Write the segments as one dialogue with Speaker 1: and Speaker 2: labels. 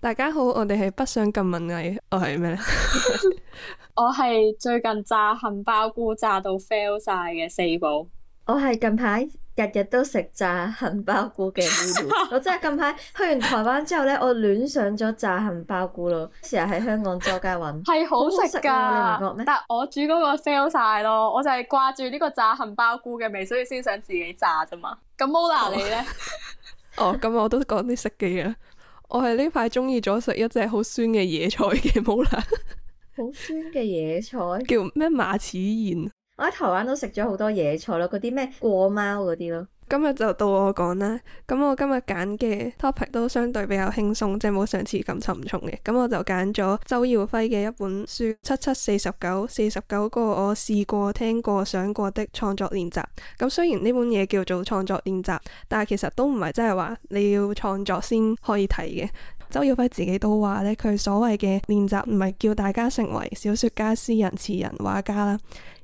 Speaker 1: 大家好，我哋係北上近文藝，我係咩咧？
Speaker 2: 我係最近炸杏鮑菇炸到 fail
Speaker 3: 晒嘅四寶，我係近排。日日都食炸杏鮑菇嘅味道，我真係近排去完台灣之後呢，我戀上咗炸杏鮑菇咯。成日喺香港周街揾，係好食噶，你唔覺咩？但係我煮嗰個 fail 晒咯，我就係掛
Speaker 2: 住呢個炸杏鮑菇嘅味，所以先想自己炸咋嘛。
Speaker 1: 咁 Mola 你呢？哦，咁我都講啲食嘅嘢。我係呢排中意咗食一隻好酸嘅野菜嘅 Mola
Speaker 3: 好酸嘅野菜叫咩？馬齒莧。我喺台灣
Speaker 1: 都食咗好多野菜咯，嗰啲咩過貓嗰啲咯。今日就到我講啦。咁我今日揀嘅 topic 都相對比較輕鬆，即係冇上次咁沉重嘅。咁我就揀咗周耀輝嘅一本書《七七四十九四十九個我試過聽過想過的創作練習》。咁雖然呢本嘢叫做創作練習，但係其實都唔係真係話你要創作先可以睇嘅。周耀輝自己都話呢，佢所謂嘅練習唔係叫大家成為小說家、詩人、詞人、畫家啦。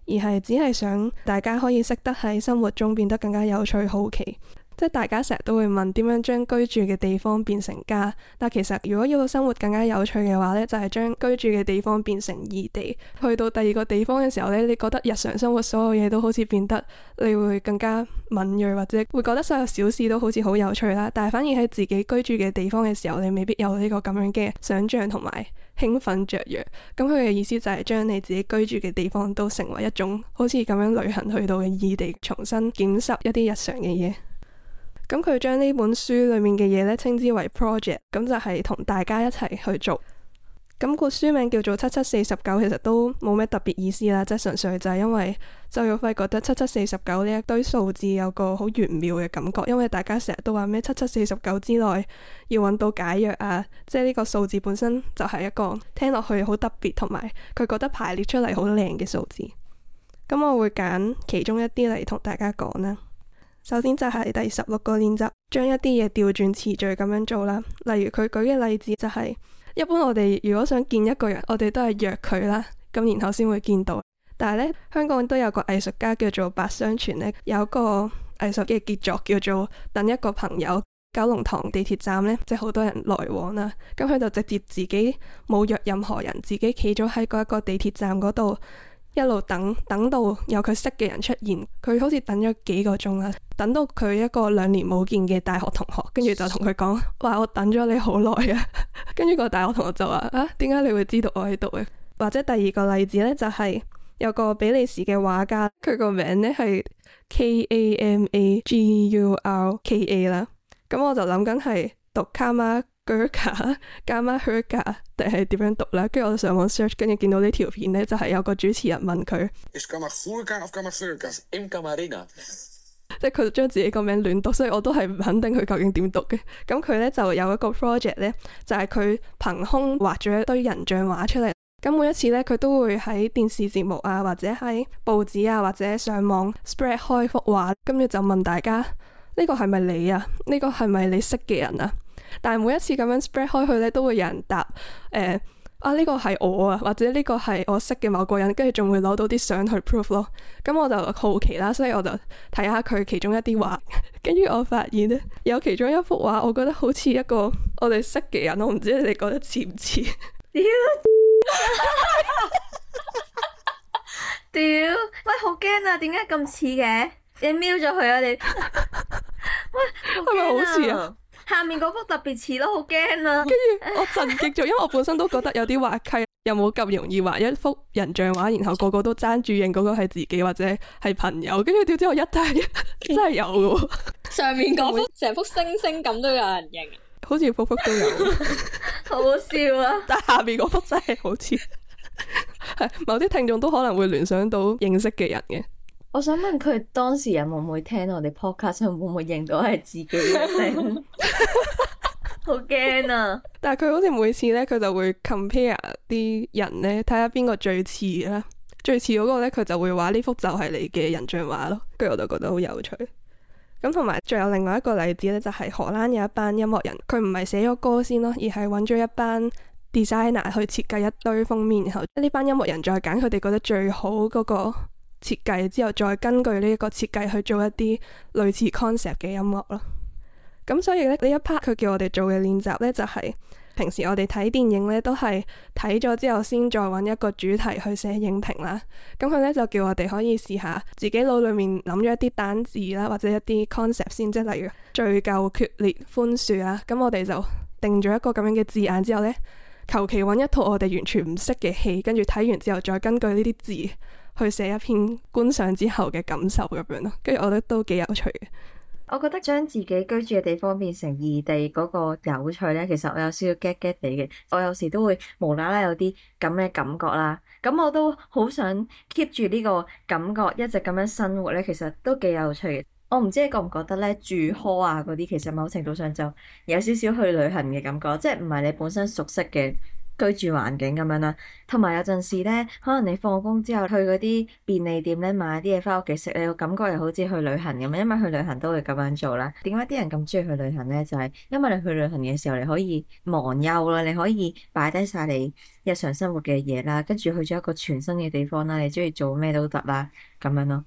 Speaker 1: 而係只係想大家可以識得喺生活中變得更加有趣好奇。即係大家成日都會問，點樣將居住嘅地方變成家，但其實如果要到生活更加有趣嘅話呢就係將居住嘅地方變成異地。去到第二個地方嘅時候呢，你覺得日常生活所有嘢都好似變得你會更加敏銳，或者會覺得所有小事都好似好有趣啦。但係反而喺自己居住嘅地方嘅時候，你未必有呢個咁樣嘅想象同埋興奮雀躍。咁佢嘅意思就係將你自己居住嘅地方都成為一種好似咁樣旅行去到嘅異地，重新撿拾一啲日常嘅嘢。咁佢將呢本書裏面嘅嘢，呢稱之為 project，咁就係同大家一齊去做。咁個書名叫做七七四十九，其實都冇咩特別意思啦，即係純粹就係因為周耀輝覺得七七四十九呢一堆數字有個好玄妙嘅感覺，因為大家成日都話咩七七四十九之內要揾到解藥啊，即係呢個數字本身就係一個聽落去好特別，同埋佢覺得排列出嚟好靚嘅數字。咁我會揀其中一啲嚟同大家講啦。首先就係第十六個練習，將一啲嘢調轉次序咁樣做啦。例如佢舉嘅例子就係、是，一般我哋如果想見一個人，我哋都係約佢啦，咁然後先會見到。但係呢，香港都有個藝術家叫做白雙全，呢有個藝術嘅傑作叫做《等一個朋友》，九龍塘地鐵站呢，即係好多人來往啦。咁佢就直接自己冇約任何人，自己企咗喺嗰一個地鐵站嗰度。一路等等到有佢識嘅人出現，佢好似等咗幾個鐘啦，等到佢一個兩年冇見嘅大學同學，跟住就同佢講話，我等咗你好耐啊，跟 住個大學同學就話，啊點解你會知道我喺度啊？或者第二個例子呢、就是，就係有個比利時嘅畫家，佢個名呢係 K A M A G U R K A 啦，咁我就諗緊係讀卡瑪。Kamagurka 定係點樣讀呢？跟住我上網 search，跟住見到呢條片呢，就係有個主持人問佢，kas, 即係佢將自己個名亂讀，所以我都係唔肯定佢究竟點讀嘅。咁佢呢，就有一個 project 呢，就係佢憑空畫咗一堆人像畫出嚟。咁每一次呢，佢都會喺電視節目啊，或者喺報紙啊，或者上網 spread 開幅畫，跟住就問大家：呢個係咪你啊？呢個係咪你識嘅人啊？但係每一次咁樣 spread 開去咧，都會有人答誒啊，呢個係我啊，或者呢個係我識嘅某個人，跟住仲會攞到啲相去 proof 咯。咁我就好奇啦，所以我就睇下佢其中一啲畫，跟住我發現咧，有其中一幅畫，我覺得好似一個我哋識嘅人，我唔知你哋覺得似唔似？屌
Speaker 3: 屌喂，好驚啊！點解咁似嘅？你瞄咗佢啊你？
Speaker 1: 喂，係咪好似啊？下面嗰幅特別似咯，好驚啊！跟住我震驚咗，因為我本身都覺得有啲滑稽， 又冇咁容易畫一幅人像畫，然後個個都爭住認嗰個係自己或者係朋友。跟住點知我一睇 真係有嘅。上面嗰幅
Speaker 2: 成幅星星咁都有人認，
Speaker 1: 好似幅幅都有，
Speaker 2: 好笑啊！但係下面嗰幅真
Speaker 1: 係好似，係 某啲聽眾都可能會聯想到認識嘅人嘅。
Speaker 3: 我想問佢當時有冇會聽我哋 podcast，會唔會認到係自己嘅聲？ 好驚啊！
Speaker 1: 但係佢好似每次呢，佢就會 compare 啲人呢，睇下邊個最似啦，最似嗰個呢，佢就會話呢幅就係你嘅人像畫咯。跟住我就覺得好有趣。咁同埋，仲有另外一個例子呢，就係、是、荷蘭有一班音樂人，佢唔係寫咗歌先咯，而係揾咗一班 designer 去設計一堆封面，然後呢班音樂人再揀佢哋覺得最好嗰、那個。設計之後，再根據呢一個設計去做一啲類似 concept 嘅音樂咯。咁所以咧，呢一 part 佢叫我哋做嘅練習咧，就係平時我哋睇電影咧都係睇咗之後先再揾一個主題去寫影評啦。咁佢咧就叫我哋可以試下自己腦裡面諗咗一啲單字啦，或者一啲 concept 先，即係例如罪疚、決裂、寬恕啦。咁我哋就定咗一個咁樣嘅字眼之後咧，求其揾一套我哋完全唔識嘅戲，跟住睇完之後再根據呢啲字，去寫一篇觀賞之後嘅感受咁樣咯，跟住我覺得都幾有趣
Speaker 3: 嘅。我覺得將自己居住嘅地方變成異地嗰個有趣咧，其實我有少少 get get 地嘅。我有時都會無啦啦有啲咁嘅感覺啦，咁我都好想 keep 住呢個感覺，一直咁樣生活咧，其實都幾有趣嘅。我唔知你覺唔覺得咧，住殼啊嗰啲，其實某程度上就有少少去旅行嘅感覺，即係唔係你本身熟悉嘅。居住環境咁樣啦，同埋有陣時呢，可能你放工之後去嗰啲便利店呢，買啲嘢翻屋企食，你會感覺又好似去旅行咁樣，因為去旅行都會咁樣做啦。點解啲人咁中意去旅行呢？就係因為你去旅行嘅時候，你可以忘憂啦，你可以擺低晒你日常生活嘅嘢啦，跟住去咗一個全新嘅地方啦，你中意做咩都得啦，咁樣咯。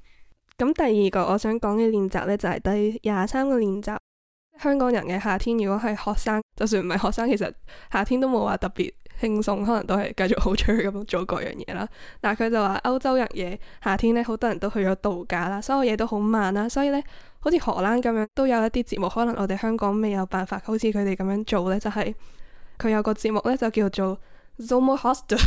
Speaker 1: 咁第二個我想講嘅練習呢，就係第廿三個練習。香港人嘅夏天，如果係學生，就算唔係學生，其實夏天都冇話特別。輕鬆，可能都係繼續好趣咁做各樣嘢啦。嗱，佢就話歐洲人嘢夏天咧，好多人都去咗度假啦，所有嘢都好慢啦。所以咧，好似荷蘭咁樣，都有一啲節目，可能我哋香港未有辦法，好似佢哋咁樣做咧，就係、是、佢有個節目咧，就叫做 Zomo Hostel，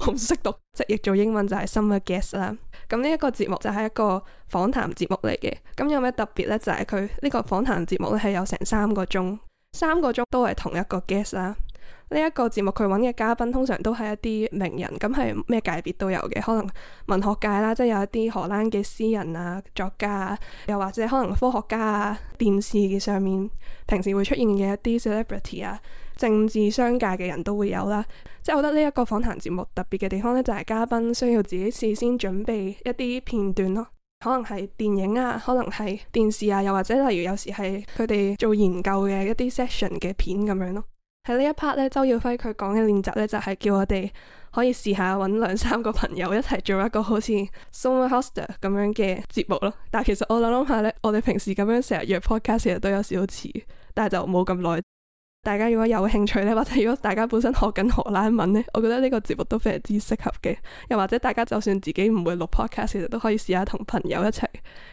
Speaker 1: 我唔識讀，直譯做英文就係 summer guest 啦。咁呢一個節目就係一個訪談節目嚟嘅。咁有咩特別咧？就係佢呢個訪談節目咧，係有成三個鐘，三個鐘都係同一個 guest 啦。呢一個節目佢揾嘅嘉賓通常都係一啲名人，咁係咩界別都有嘅，可能文學界啦，即係有一啲荷蘭嘅詩人啊、作家啊，又或者可能科學家啊，電視上面平時會出現嘅一啲 celebrity 啊，政治商界嘅人都會有啦。即係我覺得呢一個訪談節目特別嘅地方呢，就係嘉賓需要自己事先準備一啲片段咯，可能係電影啊，可能係電視啊，又或者例如有時係佢哋做研究嘅一啲 session 嘅片咁樣咯。喺呢一 part 咧，周耀輝佢講嘅練習咧，就係叫我哋可以試下揾兩三個朋友一齊做一個好似 Summer Guests 咁樣嘅節目咯。但係其實我諗諗下呢，我哋平時咁樣成日約 podcast 其實都有少少遲，但係就冇咁耐。大家如果有興趣呢，或者如果大家本身學緊荷蘭文呢，我覺得呢個節目都非常之適合嘅。又或者大家就算自己唔會錄 podcast，其實都可以試下同朋友一齊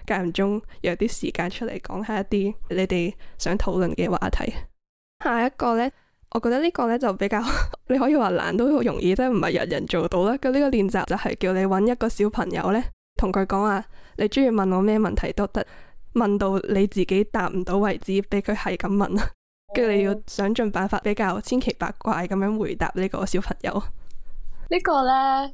Speaker 1: 間唔中約啲時間出嚟講下一啲你哋想討論嘅話題。下一個呢。我覺得呢個呢，就比較 你可以話難都好容易，即係唔係人人做到啦。佢呢個練習就係叫你揾一個小朋友呢，同佢講啊，你中意問我咩問題都得，問到你自己答唔到為止，俾佢係咁問。跟住，oh. 你要想盡辦法比較千奇百怪咁樣回答呢個小朋友。
Speaker 2: 呢個呢，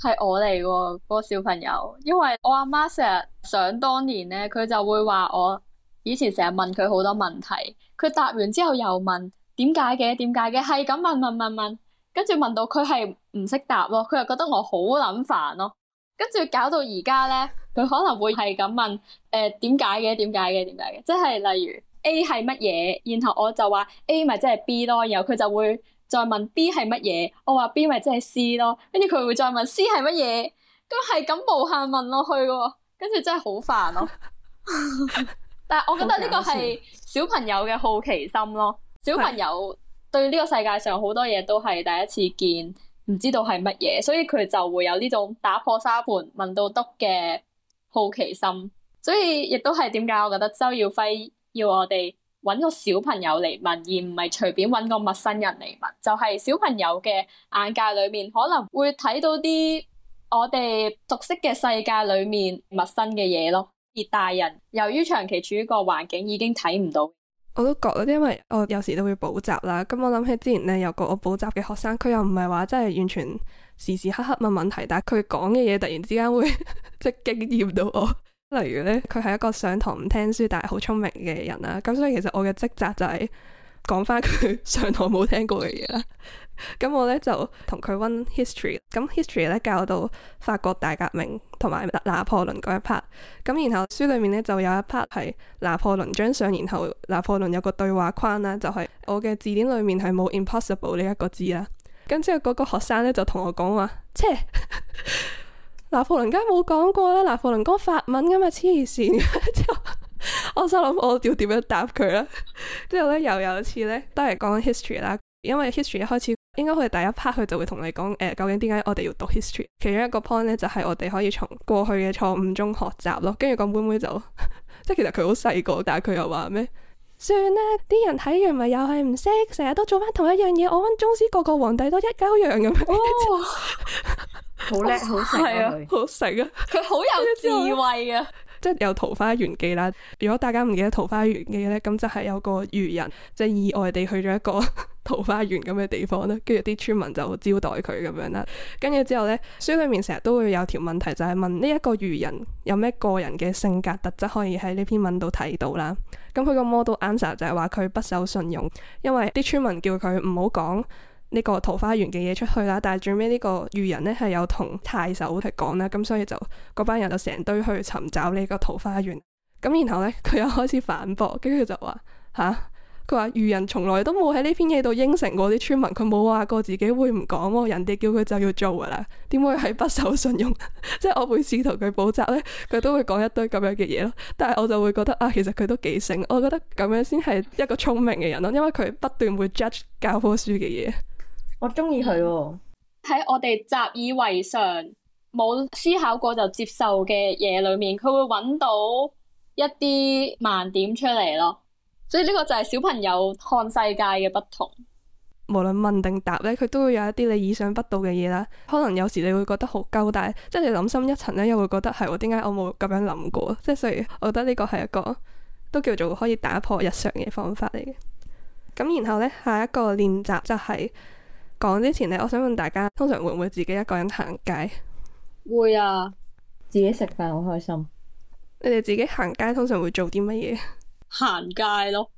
Speaker 2: 係我嚟個，嗰個小朋友，因為我阿媽成日想當年呢，佢就會話我以前成日問佢好多問題，佢答完之後又問。點解嘅？點解嘅？係咁問問問問，跟住問到佢係唔識答咯，佢又覺得我好撚煩咯，跟住搞到而家咧，佢可能會係咁問誒，點解嘅？點解嘅？點解嘅？即係例如 A 係乜嘢？然後我就話 A 咪即係 B 咯，然後佢就會再問 B 係乜嘢，我話 B 咪即係 C 咯，跟住佢會再問 C 係乜嘢，咁係咁無限問落去嘅，跟住真係好煩咯。煩咯 但係我覺得呢個係小朋友嘅好奇心咯。小朋友對呢個世界上好多嘢都係第一次見，唔知道係乜嘢，所以佢就會有呢種打破沙盤問到篤嘅好奇心。所以亦都係點解我覺得周耀輝要我哋揾個小朋友嚟問，而唔係隨便揾個陌生人嚟問，就係小朋友嘅眼界裏面可能會睇到啲我哋熟悉嘅世界裏面陌生嘅嘢咯。而大人由於長期處於個環境，已經睇唔到。
Speaker 1: 我都覺得，因為我有時都會補習啦。咁我諗起之前咧，有個我補習嘅學生，佢又唔係話真係完全時時刻刻問問題，但係佢講嘅嘢突然之間會 即係驚艷到我。例如咧，佢係一個上堂唔聽書但係好聰明嘅人啦。咁所以其實我嘅職責就係、是。講翻佢上堂冇聽過嘅嘢啦，咁 我呢，就同佢溫 history，咁 history 呢，教到法國大革命同埋拿破崙嗰一 part，咁然後書裏面呢，就有一 part 係拿破崙張相，然後拿破崙有個對話框啦，就係、是、我嘅字典裏面係冇 impossible 呢一個字啦，咁之後嗰個學生呢，就同我講話，切， 拿破崙梗係冇講過啦，拿破崙講法文噶嘛，黐線。 我心諗我要點樣答佢咧？之後咧，又有一次咧，都係講 history 啦。因為 history 一開始應該佢哋第一 part 佢就會同你講誒，究竟點解我哋要讀 history？其中一個 point 咧就係我哋可以從過去嘅錯誤中學習咯。跟住個妹妹就即係其實佢好細個，但係佢又話咩？算啦，啲人睇完咪又係唔識，成日都做翻同一樣嘢。我溫宗師，個個皇帝都一鳩樣咁樣。好叻，好係啊，好食啊，佢好有智慧啊。即係有《桃花源記》啦。如果大家唔記得《桃花源記》咧，咁就係有個漁人，即係意外地去咗一個 桃花源咁嘅地方啦。跟住啲村民就招待佢咁樣啦。跟住之後咧，書裡面成日都會有條問題，就係問呢一個漁人有咩個人嘅性格特質可以喺呢篇文度睇到啦。咁佢個 model answer 就係話佢不守信用，因為啲村民叫佢唔好講，呢個桃花源嘅嘢出去啦，但係最尾呢個漁人呢係有同太守係講啦，咁所以就嗰班人就成堆去尋找呢個桃花源。咁然後呢，佢又開始反駁，跟住就話吓，佢話漁人從來都冇喺呢篇嘢度應承過啲村民，佢冇話過自己會唔講喎，人哋叫佢就要做噶啦，點會係不守信用？ 即係我每次同佢補習呢，佢都會講一堆咁樣嘅嘢咯，但係我就會覺得啊，其實佢都幾醒，我覺得咁樣先係一個聰明嘅人咯，因為佢不斷會 judge 教科書嘅嘢。我中意佢喎，
Speaker 3: 喺
Speaker 2: 我哋習以為常冇思考過就接受嘅嘢裏面，佢會揾到一啲盲點出嚟咯。所以呢個就係小朋友看世界嘅不同，
Speaker 1: 無論問定答呢，佢都會有一啲你意想不到嘅嘢啦。可能有時你會覺得好鳩，但係即係你諗深一層呢，又會覺得係我點解我冇咁樣諗過？即係所以我覺得呢個係一個都叫做可以打破日常嘅方法嚟嘅。咁然後呢，下一個練習就係、是。.講之前咧，我想問大家，通常會唔會自己一個人行街？
Speaker 3: 會啊，
Speaker 1: 自己食飯好開心。你哋自己行街通常會做啲乜嘢？行街咯，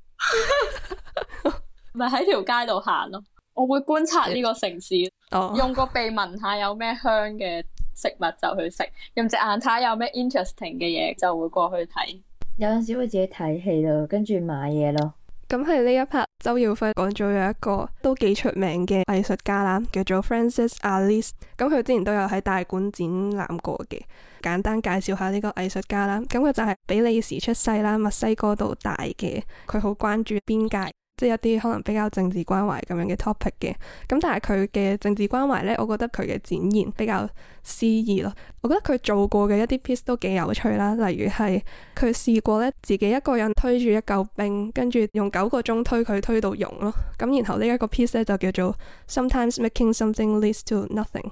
Speaker 2: 咪喺條街度行咯。我會觀察呢個城市，哎、呀用個鼻聞下有咩香嘅食物就去食， 用隻眼睇有咩 interesting 嘅嘢就會過去睇。
Speaker 1: 有陣時會自己睇戲咯，跟住買嘢咯。咁係呢一 part，周耀輝講咗有一個都幾出名嘅藝術家啦，叫做 Francis Alÿs。咁佢之前都有喺大館展覽過嘅。簡單介紹下呢個藝術家啦。咁佢就係比利時出世啦，墨西哥度大嘅。佢好關注邊界。即係一啲可能比較政治關懷咁樣嘅 topic 嘅，咁但係佢嘅政治關懷呢，我覺得佢嘅展現比較詩意咯。我覺得佢做過嘅一啲 piece 都幾有趣啦，例如係佢試過呢，自己一個人推住一嚿冰，跟住用九個鐘推佢推到溶咯。咁然後呢一個 piece 呢，就叫做 Sometimes making something leads to nothing。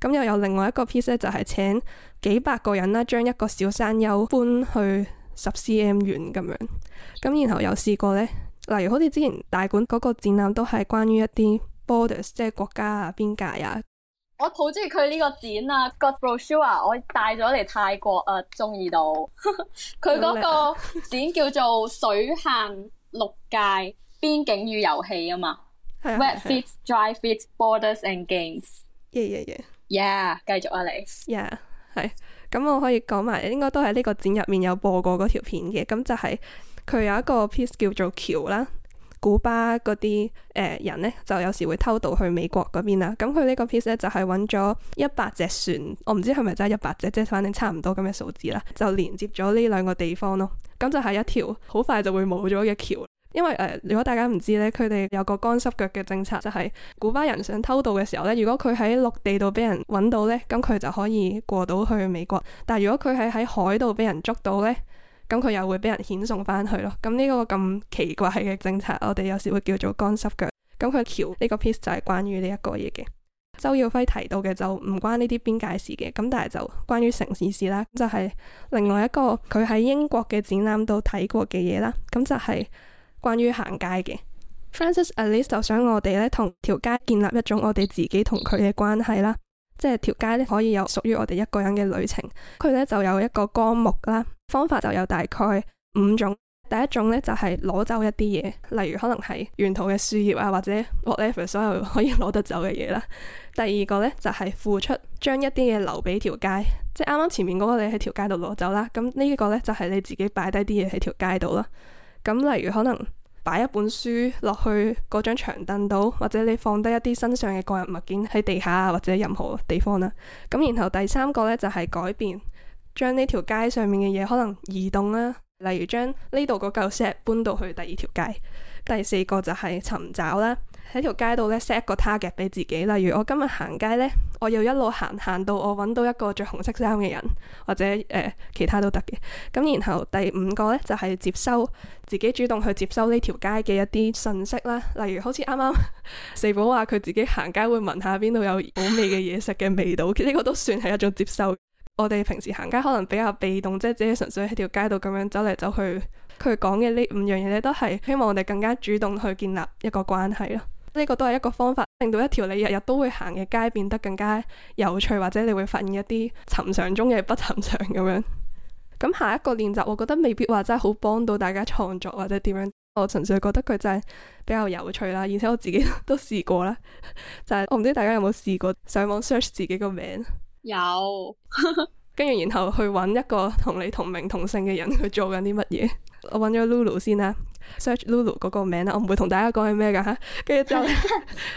Speaker 1: 咁又有另外一個 piece 呢，就係請幾百個人啦，將一個小山丘搬去十 cm 遠咁樣。咁然後又試過呢。例如好似之前大館嗰個展覽都係關於一啲 borders，即係國家啊、邊界啊。
Speaker 2: 我好中意佢呢個展啊，brochure，那個、我帶咗嚟泰國啊，中意到。佢 嗰個展叫做《水限陸界：邊境與遊戲》啊嘛。Wet feet, dry feet, borders and games yeah, yeah, yeah. Yeah,、啊。耶耶耶，Yeah，繼續啊，你。Yeah，
Speaker 1: 係。咁我可以講埋，應該都喺呢個展入面有播過嗰條片嘅，咁就係、是。佢有一個 piece 叫做橋啦，古巴嗰啲誒人咧就有時會偷渡去美國嗰邊啦。咁佢呢個 piece 咧就係揾咗一百隻船，我唔知係咪真係一百隻，即係反正差唔多咁嘅數字啦，就連接咗呢兩個地方咯。咁就係一條好快就會冇咗嘅橋，因為誒、呃，如果大家唔知咧，佢哋有個乾濕腳嘅政策，就係、是、古巴人想偷渡嘅時候咧，如果佢喺陸地度俾人揾到咧，咁佢就可以過到去美國。但係如果佢係喺海度俾人捉到咧。咁佢又會俾人遣送翻去咯。咁呢個咁奇怪嘅政策，我哋有時會叫做乾濕腳。咁佢橋呢個 piece 就係關於呢一個嘢嘅。周耀輝提到嘅就唔關呢啲邊界事嘅，咁但係就關於城市事啦，就係另外一個佢喺英國嘅展覽度睇過嘅嘢啦。咁就係關於行街嘅。Francis Alÿs 就想我哋咧同條街建立一種我哋自己同佢嘅關係啦，即係條街咧可以有屬於我哋一個人嘅旅程。佢咧就有一個光目啦。方法就有大概五種，第一種呢，就係攞走一啲嘢，例如可能係沿途嘅樹葉啊，或者 whatever 所有可以攞得走嘅嘢啦。第二個呢，就係付出，將一啲嘢留俾條街，即係啱啱前面嗰個你喺條街度攞走啦。咁呢一個呢就係你自己擺低啲嘢喺條街度啦。咁例如可能擺一本書落去嗰張長凳度，或者你放低一啲身上嘅個人物件喺地下啊，或者任何地方啦。咁然後第三個呢，就係改變。將呢條街上面嘅嘢可能移動啦，例如將呢度嗰嚿石搬到去第二條街。第四個就係尋找啦，喺條街度呢 set 一個 target 俾自己，例如我今日行街呢，我要一路行行到我揾到一個着紅色衫嘅人，或者誒、呃、其他都得嘅。咁然後第五個呢，就係接收，自己主動去接收呢條街嘅一啲信息啦，例如好似啱啱四寶話佢自己行街會聞下邊度有好味嘅嘢食嘅味道，呢、這個都算係一種接受。我哋平時行街可能比較被動，即係只係純粹喺條街度咁樣走嚟走去。佢講嘅呢五樣嘢咧，都係希望我哋更加主動去建立一個關係啦。呢個都係一個方法，令到一條你日日都會行嘅街變得更加有趣，或者你會發現一啲尋常中嘅不尋常咁樣。咁下一個練習，我覺得未必話真係好幫到大家創作或者點樣。我純粹覺得佢真係比較有趣啦，而且我自己 都試過啦，就係我唔知大家有冇試過上網 search 自己個名？有，跟住 然後去揾一個同你同名同姓嘅人去做緊啲乜嘢？我揾咗 Lulu 先啦，search Lulu 嗰個名啦，我唔會同大家講係咩噶吓，跟住之後就，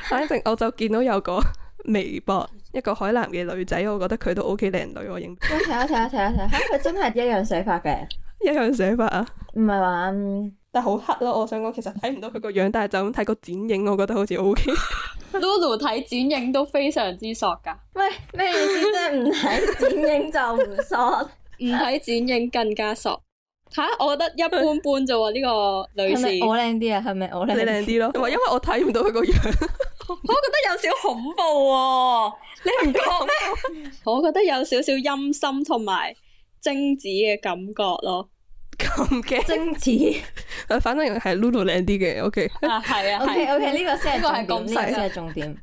Speaker 1: 反正 我就見到有個微博，一個海南嘅女仔，我覺得佢都 OK 靚女喎，我認、
Speaker 3: 啊。睇下睇下睇下睇下，佢真係一樣寫
Speaker 1: 法嘅， 一樣寫法啊，唔係話。嗯但好黑咯，我想講其實睇唔到佢個樣，但係就咁睇個剪影，我覺得好似 OK。 Lulu 睇剪影都非常之索㗎，
Speaker 2: 喂咩意思？唔睇剪影就唔索，唔睇剪影更加索。吓、啊，我覺得一般般咋喎？呢 個女士係咪我靚啲啊？係咪我靚？你靚啲
Speaker 1: 咯。因為我睇唔到佢個樣， 我覺得有少恐怖喎、啊。你唔覺
Speaker 2: 咩？ 我覺得有少少陰森同埋貞子嘅感
Speaker 1: 覺咯。咁嘅精子， 慈 反正係 Lulu 靚啲嘅，OK。係啊,啊 ，OK，OK，、okay,
Speaker 3: okay, 呢個先係重點，呢 個係重
Speaker 1: 點。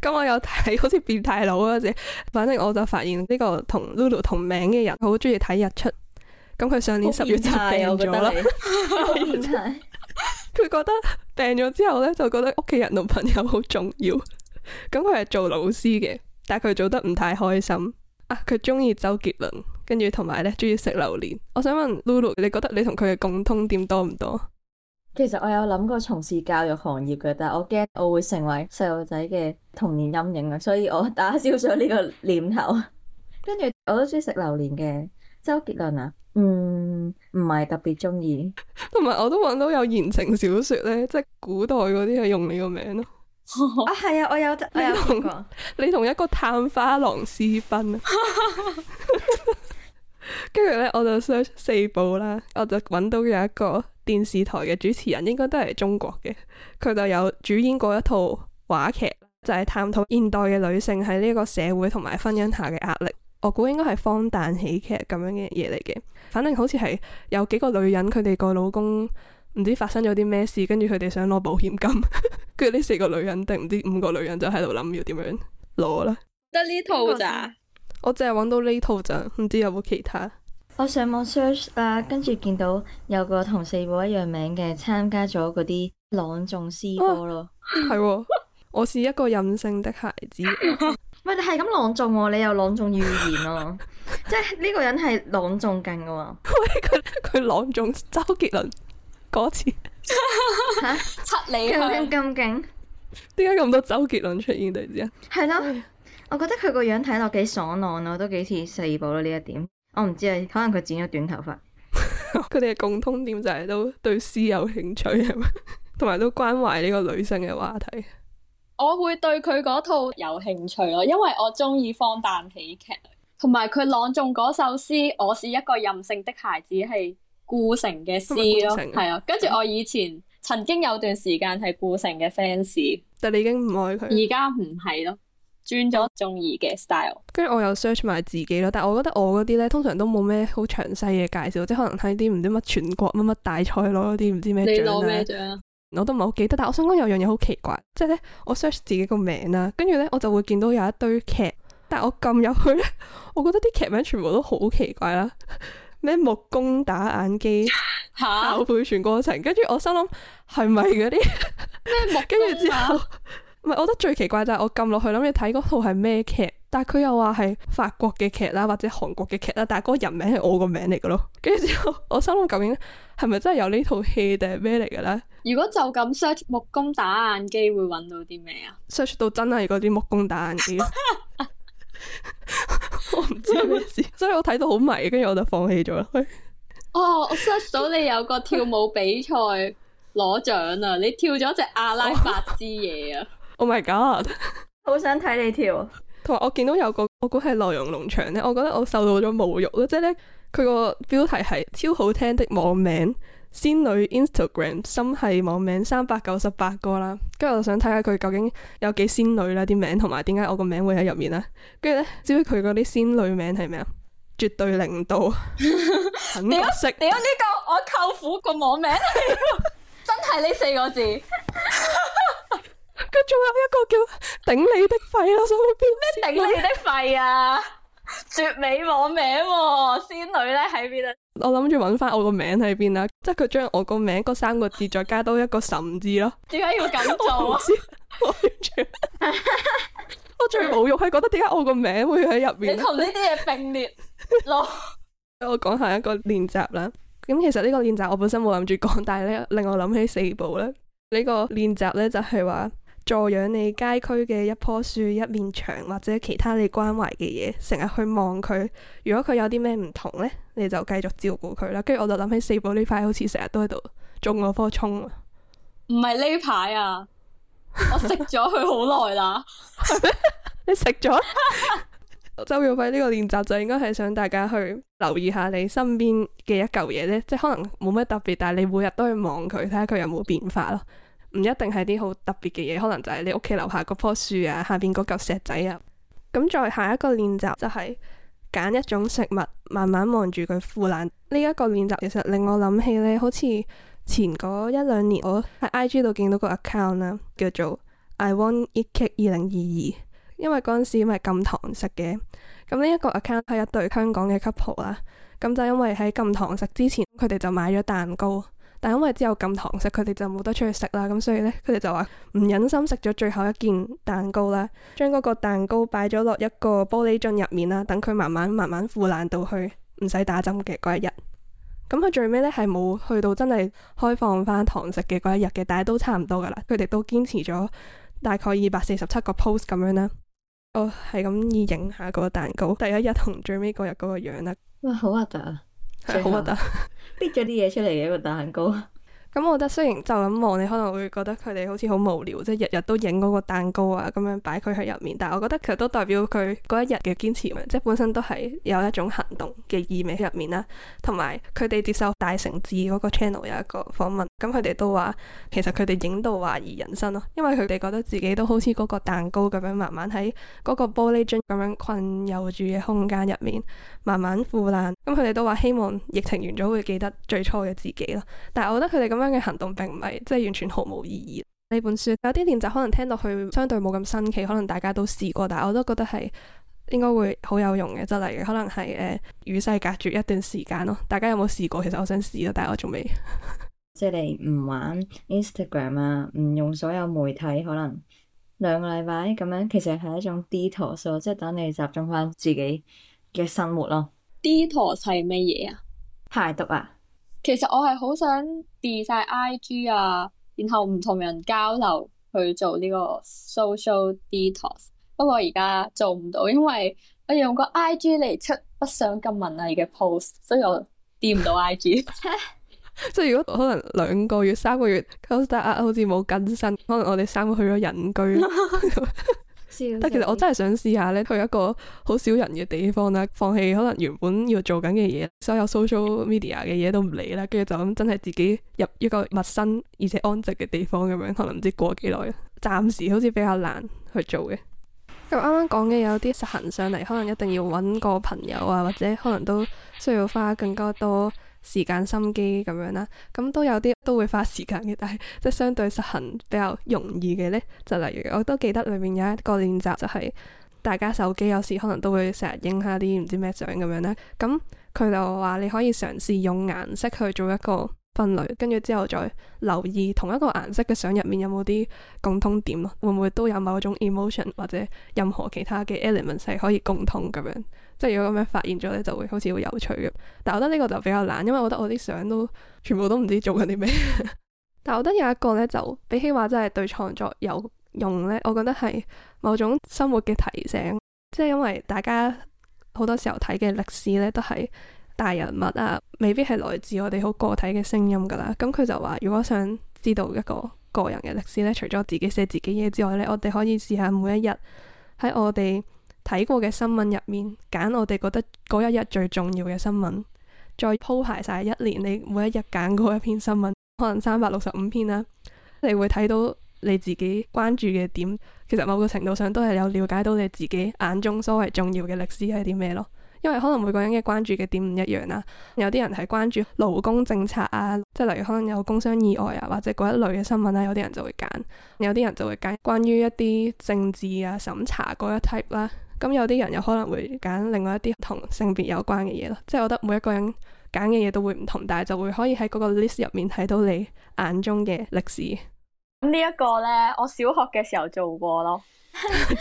Speaker 1: 咁 我有睇，好似變態佬啊！即係反正我就發現呢個同 Lulu 同名嘅人，好中意睇日出。咁佢上年十月就病咗啦。佢覺, 覺得病咗之後咧，就覺得屋企人同朋友好重要。咁佢係做老師嘅，但係佢做得唔太開心。啊，佢中意周杰倫。跟住同埋咧，中意食榴蓮我想問 Lulu，你覺得你同佢嘅共通點多唔多？
Speaker 3: 其實我有諗過從事教育行業嘅，但係我驚我會成為細路仔嘅童年陰影啊，所以我打消咗呢個
Speaker 1: 念頭。
Speaker 3: 跟住我都中意食榴蓮嘅周杰倫啊，嗯，唔係特別中意。
Speaker 1: 同埋我都揾到有言情小說呢，即係古代嗰啲係用你個名咯。 啊，係啊，我有，我有同你同跟一個探花郎私奔啊。 跟住咧，我就 search 四寶啦，我就揾到有一個電視台嘅主持人，應該都係中國嘅，佢就有主演過一套話劇，就係探討現代嘅女性喺呢個社會同埋婚姻下嘅壓力。我估應該係荒誕喜劇咁樣嘅嘢嚟嘅，反正好似係有幾個女人，佢哋個老公唔知發生咗啲咩事，跟住佢哋想攞保險金，跟住呢四個女人定唔知五個女人就喺度諗要點樣攞啦。得呢套咋？ 我淨係揾到呢套咋，唔知有冇其他？我上網
Speaker 3: search 啦，跟住見到有個同四寶一樣名嘅參加咗嗰啲朗誦詩歌咯。係，我是一個任性的孩子。喂，你係咁朗誦喎，你有朗誦語言咯，即係呢個人係朗誦勁噶嘛？喂，
Speaker 1: 佢佢朗誦周杰倫歌詞，
Speaker 3: 吓
Speaker 1: 七里香咁勁？點解咁多周杰倫出現？點知啊？
Speaker 3: 係咯。我覺得佢個樣睇落幾爽朗咯，都幾似四寶咯呢一點。我唔知啊，可能佢剪咗短頭
Speaker 1: 髮。佢哋嘅共通點就係都對詩有興趣，係咪？同埋都關懷呢個女性嘅話題。
Speaker 2: 我會對佢嗰套有興趣咯，因為我中意荒誕喜劇，同埋佢朗誦嗰首詩《我是一個任性的孩子》係顧城嘅詩咯，係啊。跟住我以前曾經有段時間係顧城嘅 fans，但你已經唔愛佢，而家唔係咯。轉咗中意嘅 style，
Speaker 1: 跟住我又 search 埋自己咯，但係我覺得我嗰啲呢，通常都冇咩好詳細嘅介紹，即係可能睇啲唔知乜全國乜乜大賽攞啲唔知咩獎你攞咩
Speaker 3: 獎？
Speaker 1: 啊、我都唔係好記得，但係我想講有樣嘢好奇怪，即係呢，我 search 自己個名啦，跟住呢，我就會見到有一堆劇，但我撳入去呢，我覺得啲劇名全部都好奇怪啦，咩木工打眼機吓校配全過程，跟住我心諗係咪嗰啲咩木？跟住 之後。我覺得最奇怪就係我撳落去諗，你睇嗰套係咩劇？但係佢又話係法國嘅劇啦，或者韓國嘅劇啦，但係嗰個人名係我個名嚟嘅咯。跟住之後，我心諗究竟係咪真係有呢套戲定係咩嚟嘅咧？如果就咁 search
Speaker 2: 木工打眼機，會揾到啲咩啊
Speaker 1: ？search 到真係嗰啲木工打眼機， 我唔知，所以我睇到好迷，跟住我就放棄咗啦。 哦，
Speaker 2: 我 search 到你有個跳舞比賽攞獎啊！ 你跳咗隻阿拉伯之夜啊！
Speaker 1: Oh my god！好 想睇你跳，同埋我見到有個我估係內容農場咧，我覺得我受到咗侮辱咯，即係咧，佢個標題係超好聽的網名仙女 Instagram，心係網名三百九十八個啦，跟住我想睇下佢究竟有幾仙女啦啲名，同埋點解我個名會喺入面咧？跟住咧，知唔知佢嗰啲仙女名係咩啊？絕對零度，很食，色。屌
Speaker 2: 呢 個我舅父個網名 真係呢四個字。
Speaker 1: 佢仲有一個叫頂你的肺啦，想去邊？咩頂你的
Speaker 2: 肺啊？ 絕美網名、啊，仙女咧喺邊啊？
Speaker 1: 我諗住揾翻我個名喺邊啊，即係佢將我名個名嗰三個字再加多一個神字咯。
Speaker 2: 點解要咁做，啊、我，我完全，
Speaker 1: 我最侮辱係覺得點解我個名會喺入面？你同呢啲
Speaker 2: 嘢並列咯。
Speaker 1: 我講下一個練習啦。咁其實呢個練習我本身冇諗住講，但係咧令我諗起四寶咧。呢、這個練習咧就係話。助養你街區嘅一棵樹、一面牆或者其他你關懷嘅嘢，成日去望佢。如果佢有啲咩唔同呢，你就繼續照顧佢啦。跟住我就諗起四寶呢塊，好似成日都喺度種嗰棵蔥。唔係呢
Speaker 2: 排啊，我食咗佢好耐啦。
Speaker 1: 你食咗了？ 周耀輝呢個練習就應該係想大家去留意下你身邊嘅一嚿嘢呢，即係可能冇咩特別，但係你每日都去望佢，睇下佢有冇變化咯。唔一定係啲好特別嘅嘢，可能就係你屋企樓下嗰棵樹啊，下邊嗰嚿石仔啊。咁再下一個練習就係揀一種食物，慢慢望住佢腐爛。呢一個練習其實令我諗起呢，好似前嗰一兩年我喺 I G 度見到個 account 啦，叫做 I Want Eat Cake 二零二二。因為嗰陣時咪禁堂食嘅，咁呢一個 account 係一對香港嘅 couple 啦。咁就因為喺禁堂食之前，佢哋就買咗蛋糕。但係因為之後禁堂食，佢哋就冇得出去食啦。咁所以呢，佢哋就話唔忍心食咗最後一件蛋糕啦，將嗰個蛋糕擺咗落一個玻璃樽入面啦，等佢慢慢慢慢腐爛到去，唔使打針嘅嗰一日。咁佢最尾呢，係冇去到真係開放返堂食嘅嗰一日嘅，但係都差唔多噶啦。佢哋都堅持咗大概二百四十七個 post 咁樣啦。我係咁意影下嗰個蛋糕第一日同最尾嗰日嗰個樣啦。哇，好啊，最好核突，逼咗啲嘢出嚟嘅個蛋糕。 咁、嗯、我覺得雖然就咁望，你可能會覺得佢哋好似好無聊，即係日日都影嗰個蛋糕啊咁樣擺佢喺入面，但係我覺得其實都代表佢嗰一日嘅堅持，即係本身都係有一種行動嘅意味喺入面啦。同埋佢哋接受大城誌嗰個 channel 有一個訪問，咁佢哋都話其實佢哋影到懷疑人生咯，因為佢哋覺得自己都好似嗰個蛋糕咁樣慢慢喺嗰個玻璃樽咁樣困囿住嘅空間入面，慢慢腐爛，咁佢哋都話希望疫情完咗會記得最初嘅自己咯。但係我覺得佢哋咁樣嘅行動並唔係即係完全毫無意義。呢本書有啲練習可能聽落去相對冇咁新奇，可能大家都試過，但係我都覺得係應該會好有用嘅。即係例如可能係誒與世隔絕一段時間咯。大家有冇試過？其實我想試咯，但係我仲未 即係你
Speaker 3: 唔玩 Instagram 啊，唔用所有媒體，可能兩個禮拜咁樣，其實係一種 detox，即係等你集中翻自己嘅生活咯。Detox 係咩嘢啊？排毒啊？
Speaker 2: 其實我係好想 delete 晒 IG 啊，然後唔同人交流去做呢個 social detox，不過而家做唔到，因為我用個 IG 嚟出不想咁文藝嘅 post，所以我 delete
Speaker 1: 唔到 IG。即係如果可能兩個月、三個月，cost 啊好似冇更新，可能我哋三個去咗隱居。
Speaker 3: 但其實我
Speaker 1: 真係想試下咧，去一個好少人嘅地方啦，放棄可能原本要做緊嘅嘢，所有 social media 嘅嘢都唔理啦，跟住就咁真係自己入一個陌生而且安靜嘅地方咁樣，可能唔知過幾耐，暫時好似比較難去做嘅。咁啱啱講嘅有啲實行上嚟，可能一定要揾個朋友啊，或者可能都需要花更加多。時間心機咁樣啦，咁都有啲都會花時間嘅，但係即係相對實行比較容易嘅呢。就例如我都記得裏面有一個練習，就係，就係大家手機有時可能都會成日影下啲唔知咩相咁樣啦。咁佢就話你可以嘗試用顏色去做一個分類，跟住之後再留意同一個顏色嘅相入面有冇啲共通點咯，會唔會都有某種 emotion 或者任何其他嘅 elements 係可以共通咁樣？即係如果咁樣發現咗咧，就會好似好有趣咁。但係我覺得呢個就比較難，因為我覺得我啲相都全部都唔知做緊啲咩。 但我覺得有一個呢，就比起話真係對創作有用呢，我覺得係某種生活嘅提醒。即係因為大家好多時候睇嘅歷史呢，都係。大人物啊，未必係來自我哋好個體嘅聲音噶啦。咁佢就話，如果想知道一個個人嘅歷史咧，除咗自己寫自己嘢之外咧，我哋可以試下每一日喺我哋睇過嘅新聞入面揀我哋覺得嗰一日最重要嘅新聞，再鋪排晒一年，你每一日揀嗰一篇新聞，可能三百六十五篇啦，你會睇到你自己關注嘅點。其實某個程度上都係有了解到你自己眼中所謂重要嘅歷史係啲咩咯。因為可能每個人嘅關注嘅點唔一樣啦，有啲人係關注勞工政策啊，即係例如可能有工傷意外啊，或者嗰一類嘅新聞啦，啊，有啲人就會揀，有啲人就會揀關於一啲政治啊審查嗰一 type 啦，咁、嗯、有啲人又可能會揀另外一啲同性別有關嘅嘢咯，即係我覺得每一個人揀嘅嘢都會唔同，但係就會可以喺嗰個 list 入面睇到你眼中嘅歷史。咁
Speaker 2: 呢一個呢，我小學嘅時候做過咯，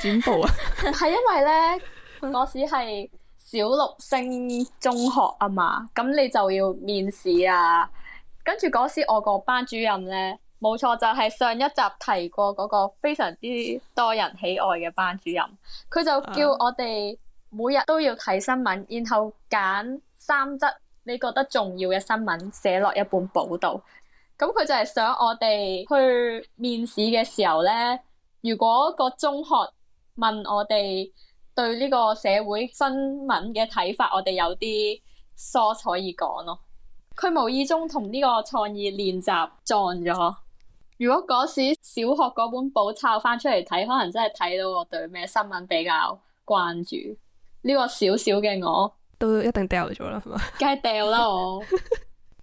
Speaker 1: 剪 報
Speaker 2: 步啊，係 因為呢，我只係。小六升中學啊嘛，咁你就要面試啊。跟住嗰時我個班主任呢，冇錯就係上一集提過嗰個非常之多人喜愛嘅班主任，佢就叫我哋每日都要睇新聞，然後揀三則你覺得重要嘅新聞寫落一本報道。咁佢就係想我哋去面試嘅時候呢，如果個中學問我哋。對呢個社會新聞嘅睇法，我哋有啲疏，可以講咯。佢無意中同呢個創意練習撞咗。如果嗰時小學嗰本簿抄翻出嚟睇，可能真係睇到我對咩新聞比較關注。呢、這個小小嘅我都一定掉咗啦，係嘛？梗係掉啦，我。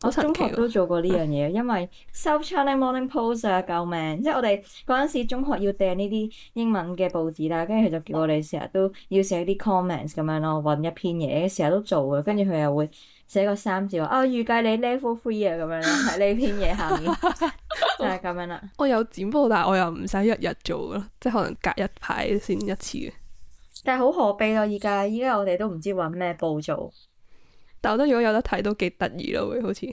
Speaker 3: 我中學都做過呢樣嘢，因為 South China morning post 啊，救命！即係我哋嗰陣時中學要訂呢啲英文嘅報紙啦，跟住佢就叫我哋成日都要寫啲 comments 咁樣咯，揾一篇嘢成日都做嘅，跟住佢又會寫個三字話啊，我預計你 level three 啊咁樣咧，喺呢篇嘢下面 就係咁樣啦。
Speaker 1: 我有剪報，但係我又唔使一日做咯，即係可能隔一排先一次。但係好可悲咯，
Speaker 3: 而家依家我哋都唔知揾咩報做。
Speaker 1: 但我覺得如果有得睇都幾得意咯，會好似，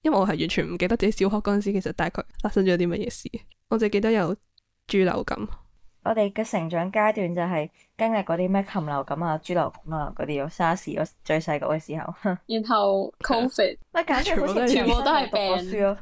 Speaker 1: 因為我係完全唔記得自己小學嗰陣時其實大概發生咗啲乜嘢事，我凈記得有豬流感。
Speaker 3: 我哋嘅成長階段就係經歷嗰啲咩禽流感啊、豬流感啊嗰啲咯，沙士我最細個嘅時候。然後 COVID 簡直好似全部都係讀過書咯，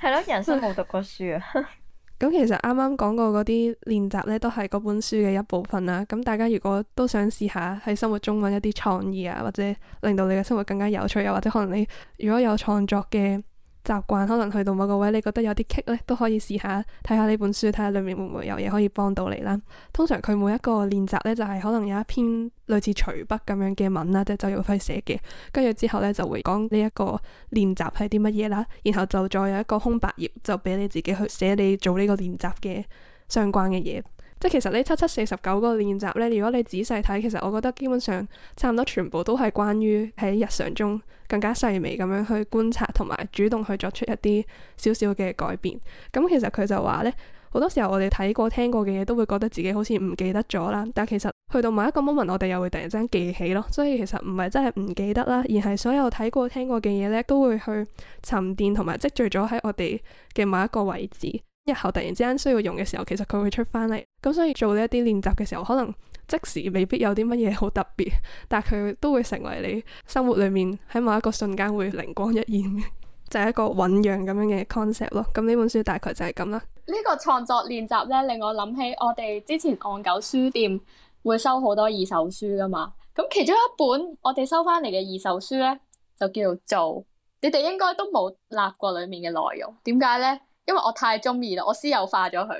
Speaker 3: 係咯，人生冇讀過書啊。
Speaker 1: 咁其實啱啱講過嗰啲練習咧，都係嗰本書嘅一部分啦。咁大家如果都想試下喺生活中揾一啲創意啊，或者令到你嘅生活更加有趣啊，又或者可能你如果有創作嘅習慣可能去到某個位你覺得有啲棘呢，都可以試下睇下呢本書，睇下裏面會唔會有嘢可以幫到你啦。通常佢每一個練習呢，就係、是、可能有一篇類似隨筆咁樣嘅文啦，即係周耀輝寫嘅，跟住之後呢，就會講呢一個練習係啲乜嘢啦，然後就再有一個空白頁就俾你自己去寫你做呢個練習嘅相關嘅嘢。即係其實呢七七四十九個練習呢，如果你仔細睇，其實我覺得基本上差唔多全部都係關於喺日常中更加細微咁樣去觀察，同埋主動去作出一啲少少嘅改變。咁、嗯、其實佢就話呢，好多時候我哋睇過聽過嘅嘢，都會覺得自己好似唔記得咗啦。但其實去到某一個 moment，我哋又會突然之間記起咯。所以其實唔係真係唔記得啦，而係所有睇過聽過嘅嘢呢，都會去沉澱同埋積聚咗喺我哋嘅某一個位置。日後突然之間需要用嘅時候，其實佢會出翻嚟。咁所以做呢一啲練習嘅時候，可能即時未必有啲乜嘢好特別，但係佢都會成為你生活裏面喺某一個瞬間會靈光一現，就係一個醞釀咁樣嘅 concept 咯。咁呢本書大概就係咁啦。
Speaker 2: 呢個創作練習呢，令我諗起我哋之前按九書店會收好多二手書噶嘛。咁其中一本我哋收翻嚟嘅二手書呢，就叫做《你哋應該都冇立過裏面嘅內容》，點解呢？因為我太中意啦，我私有化咗佢。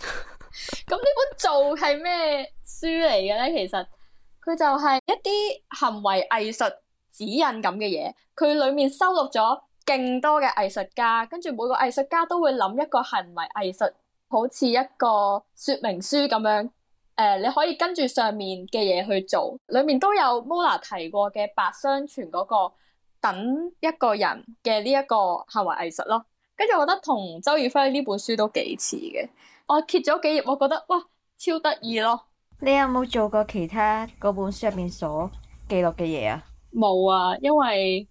Speaker 2: 咁 呢本做係咩書嚟嘅咧？其實佢就係一啲行為藝術指引咁嘅嘢。佢裏面收錄咗勁多嘅藝術家，跟住每個藝術家都會諗一個行為藝術，好似一個說明書咁樣。誒、呃，你可以跟住上面嘅嘢去做。裏面都有 Mola 提過嘅白雙全嗰個等一個人嘅呢一個行為藝術咯。跟住，我覺得同周耀輝呢本書都、啊、幾似
Speaker 3: 嘅。我揭咗幾頁，我覺得哇，超得意咯！你有冇做過其他嗰本書入面所記錄嘅嘢啊？冇
Speaker 2: 啊，因為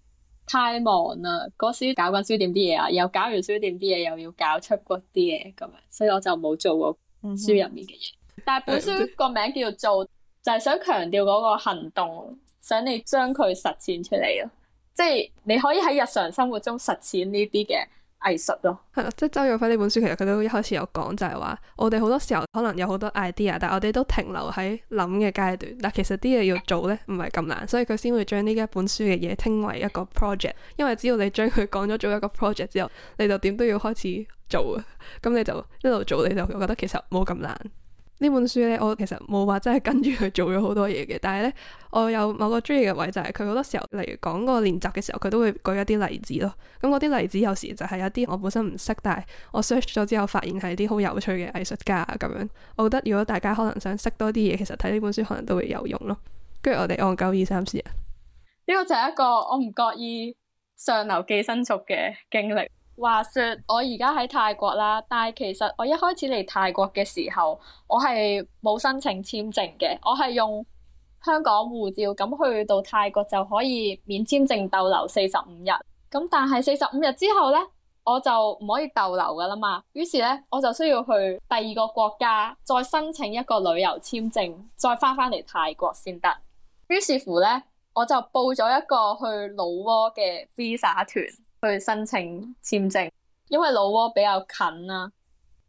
Speaker 2: 太忙啦。嗰時搞緊書店啲嘢啊，又搞完書店啲嘢，又要搞出國啲嘢咁樣，所以我就冇做過書入面嘅嘢。嗯、哼但係本書個名叫做，就係、是、想
Speaker 1: 強調嗰個行動，
Speaker 2: 想你將佢實踐出嚟咯，即、就、係、是、你可以喺日常生活中實踐呢啲嘅。藝
Speaker 1: 術咯，係啦、嗯，即係周耀輝呢本書，其實佢都一開始有講，就係話我哋好多時候可能有好多 idea，但係我哋都停留喺諗嘅階段。但其實啲嘢要做呢，唔係咁難，所以佢先會將呢一本書嘅嘢稱為一個 project，因為只要你將佢講咗做一個 project 之後，你就點都要開始做啊。咁 你就一路做，你就會覺得其實冇咁難。呢本書呢，我其實冇話真係跟住佢做咗好多嘢嘅，但係呢，我有某個中意嘅位就係佢好多時候，例如講個練習嘅時候，佢都會舉一啲例子咯。咁嗰啲例子有時就係一啲我本身唔識，但係我 search 咗之後發現係啲好有趣嘅藝術家咁樣。我覺得如果大家可能想識多啲嘢，其實睇呢本書可能都會有用咯。跟住我哋岸久二三事，啊。
Speaker 2: 呢個就係一個我唔覺意上流寄生族嘅經歷。話說我而家喺泰國啦，但係其實我一開始嚟泰國嘅時候，我係冇申請簽證嘅，我係用香港護照咁去到泰國就可以免簽證逗留四十五日。咁但係四十五日之後呢，我就唔可以逗留噶啦嘛。於是呢，我就需要去第二個國家再申請一個旅遊簽證，再翻翻嚟泰國先得。於是乎呢，我就報咗一個去老撾嘅 visa 團。去申請簽證，因為老撾比較近啊。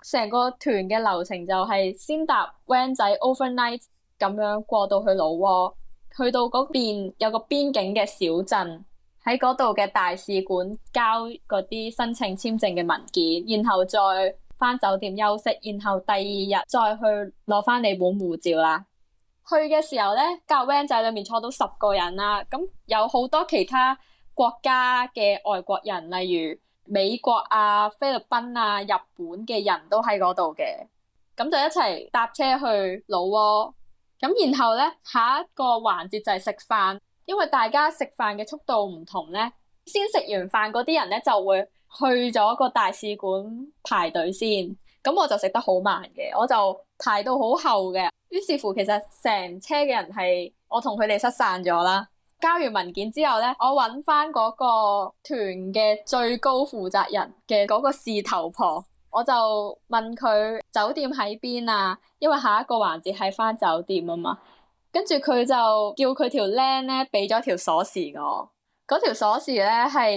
Speaker 2: 成個團嘅流程就係先搭 van 仔 overnight 咁樣過到去老撾，去到嗰邊有個邊境嘅小鎮，喺嗰度嘅大使館交嗰啲申請簽證嘅文件，然後再翻酒店休息，然後第二日再去攞翻你本護照啦。去嘅時候呢，架 van 仔裏面坐到十個人啦，咁有好多其他。國家嘅外國人，例如美國啊、菲律賓啊、日本嘅人都喺嗰度嘅，咁就一齊搭車去老撾。咁然後咧，下一個環節就係食飯，因為大家食飯嘅速度唔同咧，先食完飯嗰啲人咧就會去咗個大使館排隊先。咁我就食得好慢嘅，我就排到好後嘅，於是乎其實成車嘅人係我同佢哋失散咗啦。交完文件之後咧，我搵翻嗰個團嘅最高負責人嘅嗰個事頭婆，我就問佢酒店喺邊啊？因為下一個環節係翻酒店啊嘛，跟住佢就叫佢條靚咧俾咗條鎖匙我。嗰條鎖匙咧係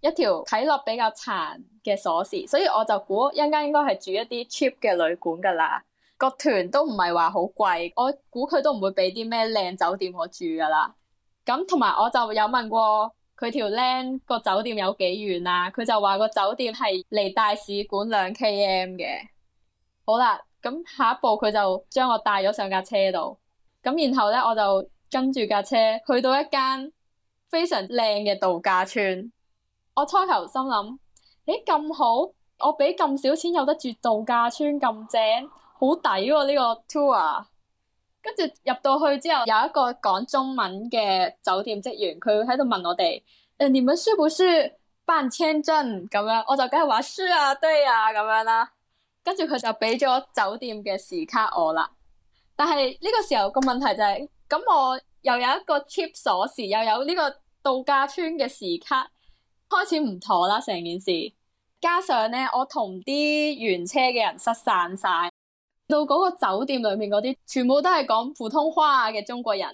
Speaker 2: 一條睇落比較殘嘅鎖匙，所以我就估，一陣間應該係住一啲 cheap 嘅旅館噶啦。個團都唔係話好貴，我估佢都唔會俾啲咩靚酒店我住噶啦。咁同埋我就有問過佢條靚個酒店有幾遠啊？佢就話個酒店係離大使館兩 km 嘅。好啦，咁下一步佢就將我帶咗上架車度。咁然後咧我就跟住架車去到一間非常靚嘅度假村。我初頭心諗，咦，咁好，我俾咁少錢有得住度假村咁正，好抵喎呢個 tour。跟住入到去之後，有一個講中文嘅酒店職員，佢喺度問我哋，誒，你們輸不輸？辦簽證咁樣，我就梗係話輸啊，對啊，咁樣啦。跟住佢就俾咗酒店嘅時卡我啦。但係呢個時候個問題就係、是，咁我又有一個 tip 鎖匙，又有呢個度假村嘅時卡，開始唔妥啦，成件事。加上呢，我同啲原車嘅人失散晒。到嗰個酒店裏面嗰啲，全部都係講普通話嘅中國人，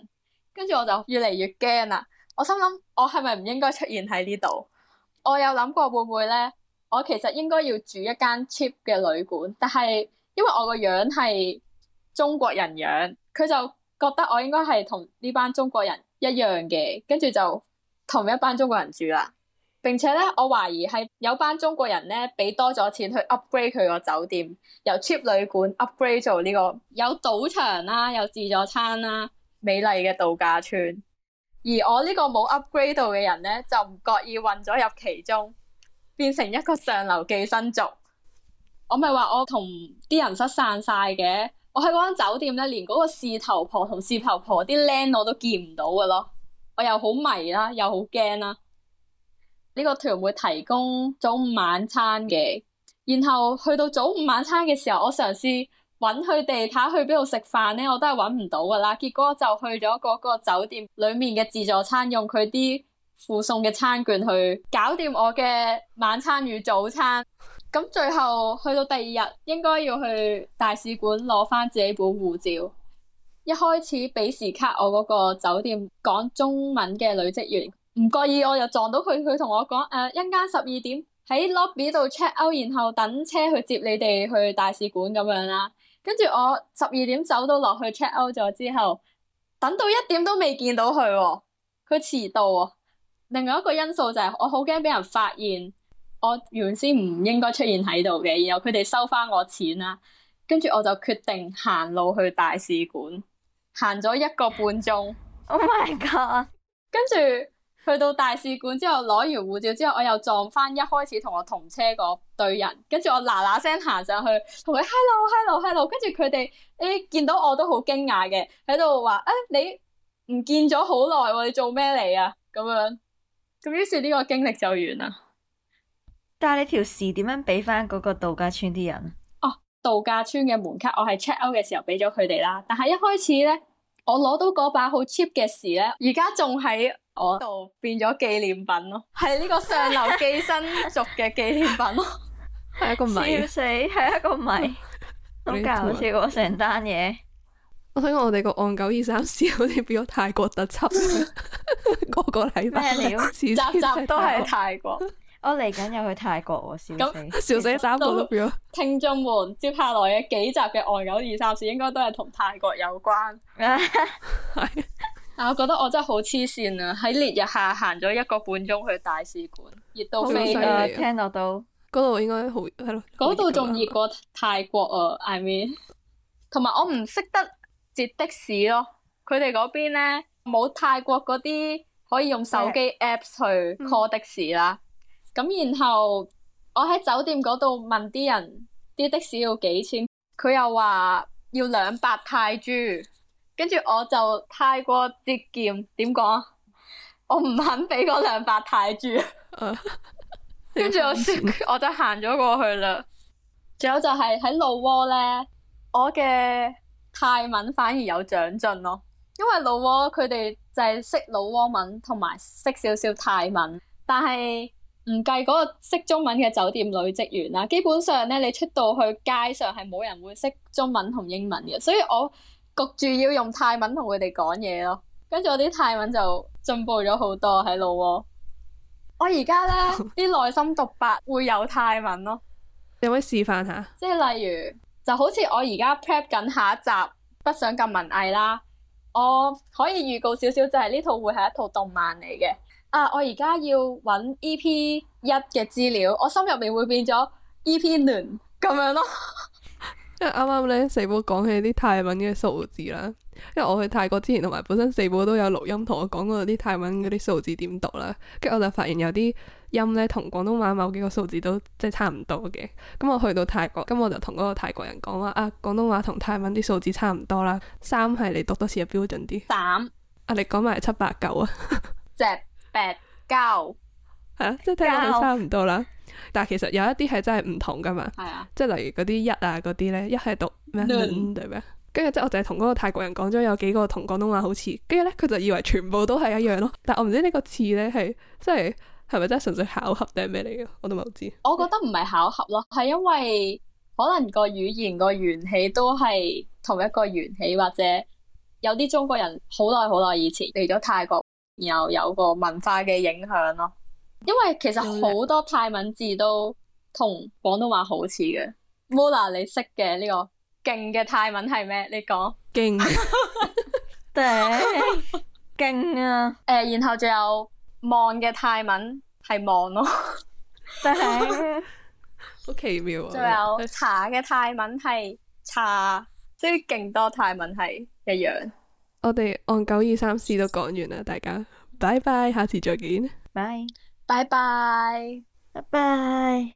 Speaker 2: 跟住我就越嚟越驚啦。我心諗我係咪唔應該出現喺呢度？我有諗過會唔會呢？我其實應該要住一間 cheap 嘅旅館，但係因為我個樣係中國人樣，佢就覺得我應該係同呢班中國人一樣嘅，跟住就同一班中國人住啦。並且咧，我懷疑係有班中國人咧俾多咗錢去 upgrade 佢個酒店，由 cheap 旅館 upgrade 做呢個有賭場啦、啊，有自助餐啦、啊，美麗嘅度假村。而我個呢個冇 upgrade 到嘅人咧，就唔覺意混咗入其中，變成一個上流寄生族。我咪話我同啲人失散晒嘅，我喺嗰間酒店咧，連嗰個事頭婆同事頭婆啲靚我都見唔到噶咯。我又好迷啦、啊，又好驚啦。呢個團會提供早午晚餐嘅，然後去到早午晚餐嘅時候，我嘗試揾佢哋睇下去邊度食飯呢？我都係揾唔到㗎喇。結果就去咗嗰個酒店裡面嘅自助餐，用佢啲附送嘅餐券去搞掂我嘅晚餐與早餐。咁最後去到第二日，應該要去大使館攞返自己本護照。一開始畀時卡我嗰個酒店講中文嘅女職員。唔覺意，我又撞到佢，佢同我講誒，陣間十二點喺 lobby 度 check out，然後等車去接你哋去大使館咁樣啦。跟住我十二點走到落去 check out 咗之後，等到一點都未見到佢喎，佢遲到喎。另外一個因素就係我好驚俾人發現我原先唔應該出現喺度嘅，然後佢哋收返我錢啦。跟住我就決定行路去大使館，行咗一個半鐘。Oh my god！跟住。去到大使館之後，攞完護照之後，我又撞翻一開始同我同車嗰隊人，跟住我嗱嗱聲行上去，同佢 hello hello hello，跟住佢哋誒見到我都好驚訝嘅，喺度話誒，你唔見咗好耐，你做咩嚟啊？咁樣，咁於是呢個經歷就
Speaker 3: 完、哦、啦。但係你條匙點樣俾翻嗰個度假村啲人？
Speaker 2: 哦，度假村嘅門卡我係 check out 嘅時候俾咗佢哋啦，但係一開始咧，我攞到嗰把好 cheap 嘅匙咧，而家仲喺我度變咗紀念品咯，係呢個
Speaker 3: 上流寄生族嘅紀念品咯，係一個謎，笑死，係一個謎，
Speaker 1: 好搞笑
Speaker 3: 成單嘢。
Speaker 1: 我聽講我哋個岸久二三事好似變咗泰國特輯， 個 個禮拜集集都係
Speaker 3: 泰國。我嚟緊又去泰國喎，小四，小四三個鐘。
Speaker 2: 聽眾們，接下來嘅 幾集嘅《岸久二三事》應該都係同泰國有關。係 但我覺得我真係好黐線啊！喺烈日下行咗一個半鐘去大使館，
Speaker 1: 熱到好犀利啊。聽到都，嗰度應該好係
Speaker 2: 嗰度仲熱過泰國啊！I mean，同埋我唔識得截的士咯，佢哋嗰邊咧冇泰國嗰啲可以用手機 apps 去 call 的士啦。咁然後我喺酒店嗰度問啲人啲的士要幾錢，佢又話要兩百泰銖，跟住我就太過節儉，點講？我唔肯俾嗰兩百泰銖，跟住我我就行咗過去啦。仲 有就係喺老撾呢，我嘅泰文反而有長進咯，因為老撾佢哋就係識老撾文同埋識少少泰文，但係。唔計嗰個識中文嘅酒店女職員啦，基本上咧你出到去街上係冇人會識中文同英文嘅，所以我焗住要用泰文同佢哋講嘢咯。跟住我啲泰文就進步咗好多喺度喎。我而家咧啲內心獨白會有泰文咯，
Speaker 1: 你冇示範下？
Speaker 2: 即係例如就好似我而家 prep 緊下一集《不想咁文藝》啦，我可以預告少少，就係呢套會係一套動漫嚟嘅。啊！我而家要揾 E P 一嘅資料，我心入面會變咗 E P 暖咁樣咯 。
Speaker 1: 因為啱啱你四寶講起啲泰文嘅數字啦，因為我去泰國之前同埋本身四寶都有錄音同我講過啲泰文嗰啲數字點讀啦，跟住我就發現有啲音咧同廣東話某幾個數字都即係、就是、差唔多嘅。咁我去到泰國，咁我就同嗰個泰國人講話啊，廣東話同泰文啲數字差唔多啦。三係你讀多次就標準啲。三。啊，膽啊你講埋七、八、九啊。
Speaker 2: 即。Bad
Speaker 1: 白膠係啊，即係聽落去差唔多啦。但係其實有一啲係真係唔同噶嘛。係啊的，即係例如嗰啲一啊嗰啲咧，一係、啊、讀咩、嗯嗯，對咩？跟住即係我就係同嗰個泰國人講咗有幾個同廣東話好似，跟住咧佢就以為全部都係一樣咯。但係我唔知個呢個字咧係即係係咪真係純粹巧合定係咩嚟嘅？我都冇知。
Speaker 2: 我覺得唔係巧合咯，係因為可能個語言個元氣都係同一個元氣，或者有啲中國人好耐好耐以前嚟咗泰國。然後有個文化嘅影響咯，因為其實好多泰文字都同廣東話好似嘅。Mola 你識嘅呢個，勁嘅泰文係咩？你講勁頂勁啊！誒、呃，然後仲有望嘅泰文係望咯，就係好
Speaker 1: 奇妙啊！仲有
Speaker 2: 茶嘅泰文係茶，即係勁多泰文係一樣。
Speaker 1: 我哋岸久二三事都講完啦，大家拜拜，bye bye，下次再見，拜
Speaker 2: 拜拜
Speaker 1: 拜
Speaker 2: 拜。